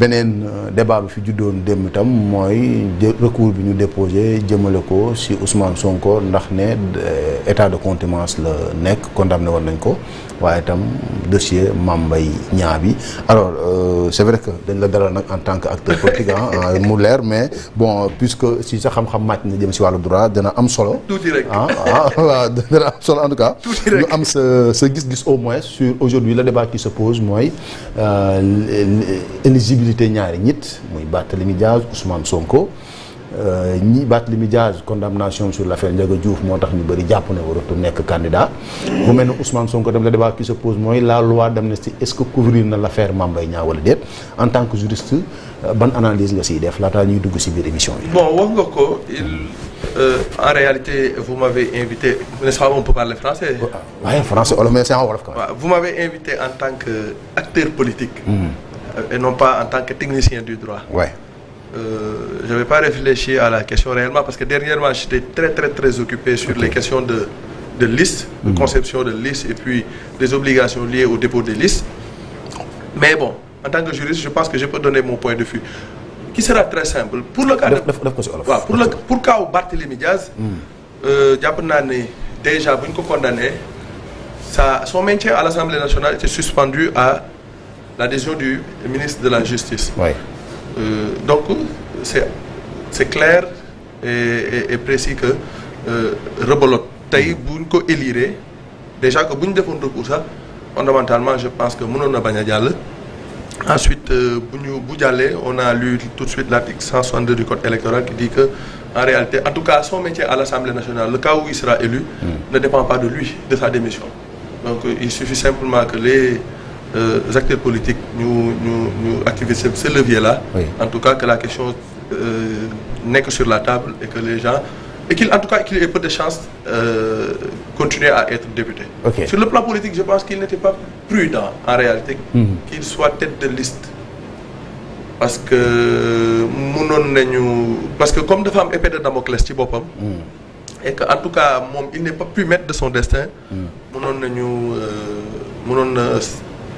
benen euh, débat bi fi juddoon dem tam moy recours bi ñu déposer jëmale ko ci Ousmane Sonko ndax né euh, état de contumace le nek condamné won nañ ko waye tam dossier Mambay Niabi alors euh, c'est vrai que dañ la dalal nak en tant que acteur politique hein, euh, mu leer mais bon puisque si sa xam-xam match na jëm ci walu droit dana am solo. tuuti rek ah ah dana am solo en tout cas. tout direct ñu am ce, ce gis-gis au moins sur aujourd'hui le débat qui se pose mooy visibilité ñaari nit muy les Diaz Ousmane Sonko euh, ñi Barthélémy Diaz condamnation sur l'affaire Ndiaga Diouf motax ñu bari japp ne nek candidat bu mel Ousmane Sonko dem le débat qui se pose moy la loi d'amnesty est-ce que couvrir na l'affaire Mambay Nia wala en tant que juriste euh, ban analyse nga ci def ta ñuy dugg ci biir émission bi. bon wax nga ko Euh, en réalité, vous m'avez invité, on peut parler français Oui, français, on le met en wolof Vous m'avez invité en tant qu'acteur politique. Hmm. Euh, et non pas en tant que technicien du droit. Ouais. Euh, je ne vais pas réfléchir à la question réellement parce que dernièrement j'étais très très très occupé sur les questions de, de listes, de mhm. conception de liste et puis des obligations liées au dépôt des listes. Mais bon, en tant que juriste, je pense que je peux donner mon point de vue qui sera très simple. Pour le cas de, pour le pour où Barthélémy Diaz mm. euh, jàpp déjà condamné son maintien à l'Assemblée nationale était suspendu à l'adhésion du ministre de la Justice. Euh, donc, c'est clair et, précis que euh, rebolote. déjà que fondamentalement je pense que ensuite euh, on a lu tout de suite l'article 162 du code électoral qui dit que en réalité en tout cas son métier à l'Assemblée nationale le cas où il sera élu. Mm. ne dépend pas de lui de sa démission. donc euh, il suffit simplement que les euh, acteurs politiques nous, nous, activer ce, levier-là. En tout cas, que la question euh, n'est que sur la table et que les gens... Et qu'il, en tout cas, qu'il ait peu de chance de euh, continuer à être député. Sur le plan politique, je pense qu'il n'était pas prudent, en réalité, mm-hmm. qu'il soit tête de liste. Parce que, parce que comme des femmes épée de Damoclès, mm. et qu'en tout cas, il n'est pas pu mettre de son destin, mm. nous,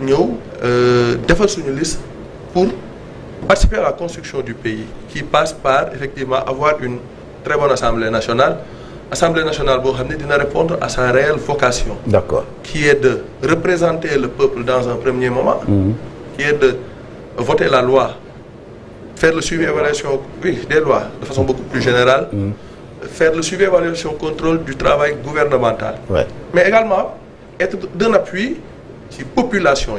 nous euh, defal une liste pour participer à la construction du pays qui passe par effectivement avoir une très bonne assemblée nationale assemblée nationale pour répondre à sa réelle vocation. d'accord qui est de représenter le peuple dans un premier moment. Mmh. qui est de voter la loi faire le suivi évaluation oui des lois de façon beaucoup plus générale. Mmh. faire le suivi évaluation contrôle du travail gouvernemental. mais également être d'un appui population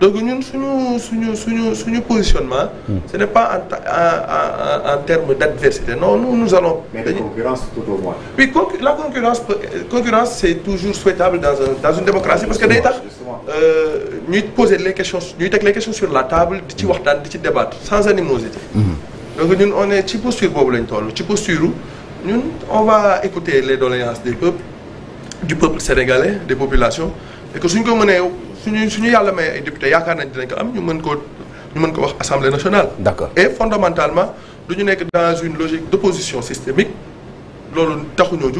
donc ñun suñu suñu suñu suñu positionnement. Hmm. ce n'est pas en en d'adversité non nous nous allons. mais concurrence tout au moins. la concurrence concurrence c'est toujours souhaitable dans dans une démocratie parce que nous posons euh, poser les questions ñuy les questions sur la table di ci waxtan di sans animosité. Hmm. donc ñun on est ci posture bobu lañ ci posture ñun on va écouter les doléances des peuples du peuple sénégalais des populations et que suñ ko sommes suñu suñu yalla may ay député yaakaar nañ dinañ nationale. d'accord et fondamentalement nous sommes dans une logique d'opposition systémique Nous sommes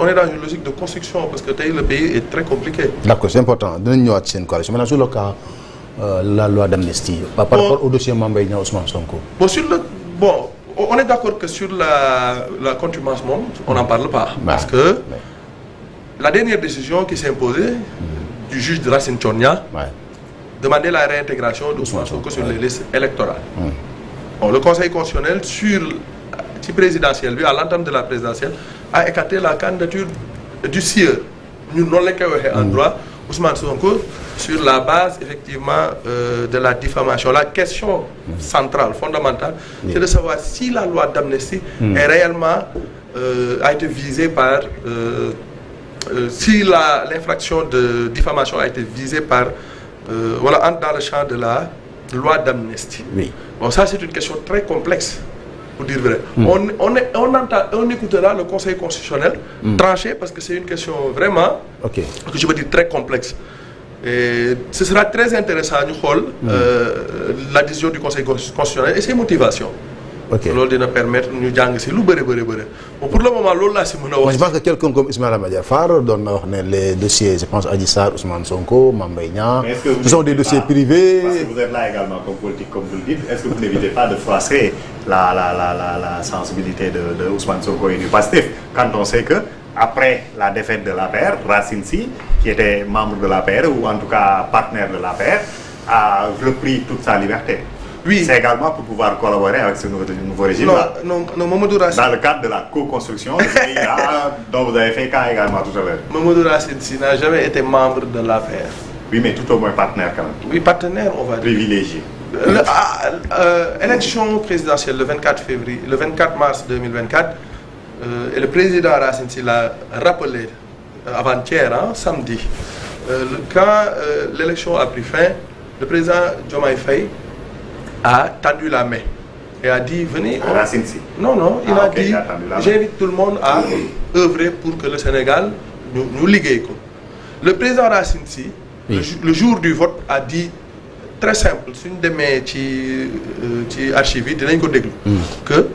on est dans une logique de construction parce que le pays est très compliqué. d'accord c'est important dinañ ñëwaat seen coalition maintenant sur le cas euh, la loi d'amnistie. par rapport au dossier Mambay Ousmane Sonko. bon bon on est d'accord que sur la la on n'en parle pas. parce que. La dernière décision qui s'est imposée du juge de Racine Tchornia demandait la réintégration de Sonko sur les listes électorales. le Conseil constitutionnel, sur le présidentiel, lui, à l'entente de la présidentielle, a écarté la candidature du CIE. Nous n'avons en mm. droit Ousmane Sonko sur la base effectivement euh, de la diffamation. La question mm. centrale, fondamentale, mm. c'est de savoir si la loi d'amnistie est réellement euh, a été visée par euh, euh, si l'infraction de diffamation a été visée par, euh, voilà, entre dans le champ de la loi d'amnistie. Oui. Bon, ça c'est une question très complexe, pour dire vrai. Hmm. On, entend, on, écoutera le Conseil constitutionnel hmm. tranché, trancher, parce que c'est une question vraiment, que je veux dire, très complexe. Et ce sera très intéressant, nous, mm. Euh, la décision du Conseil constitutionnel et ses motivations ok va permettre de nous lu pour le moment c'est ce que je veux je pense que quelqu'un comme Ismaël Madior Fall donne les dossiers je pense à Ousmane Sonko Mambay ce sont des dossiers privés. parce que vous êtes là également comme politique comme vous le dites est-ce que vous n'évitez pas de froisser la la la la la sensibilité de de Ousmane Sonko et du Pastef quand on sait que. après la défaite de la Racine Sy, qui était membre de la paire, ou en tout cas partenaire de la paire, a repris toute sa liberté. Oui. C'est également pour pouvoir collaborer avec ce nouveau, nouveau régime Dans le cadre de la co-construction dont vous avez fait cas également tout à l'heure. Mamadou Rassi n'a jamais été membre de l'affaire. Oui, mais tout au moins partenaire quand même. Oui, partenaire, on va dire. Privilégié. L'élection ah, euh, présidentielle le 24, février, le 24 mars 2024, euh, et le président Racine l'a rappelé euh, avant-hier, hein, samedi, quand l'élection a pris fin, le président Diomaye Faye a tendu la main et a dit venez. Non, non, il ah, a dit j'invite tout le monde à œuvrer pour que le Sénégal nous, nous ligue. Le président Racine le, jour du vote, a dit très simple c'est une ci euh, ci archive mm. que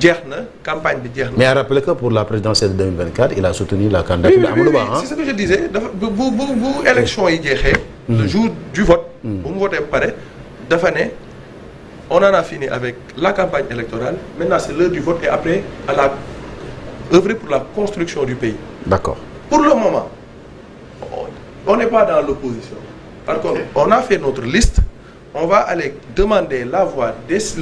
jeex campagne de jeex mais à rappeler que pour la présidentielle 2024 il a soutenu la candidature hein. c'est ce que je disais vous élection yi mm. le jour du vote. vous mm. votez pareil ba on en a fini avec la campagne électorale. Maintenant, c'est l'heure du vote et après, à la œuvrer pour la construction du pays. D'accord. Pour le moment, on n'est pas dans l'opposition. Par contre, on a fait notre liste. On va aller demander la voix des...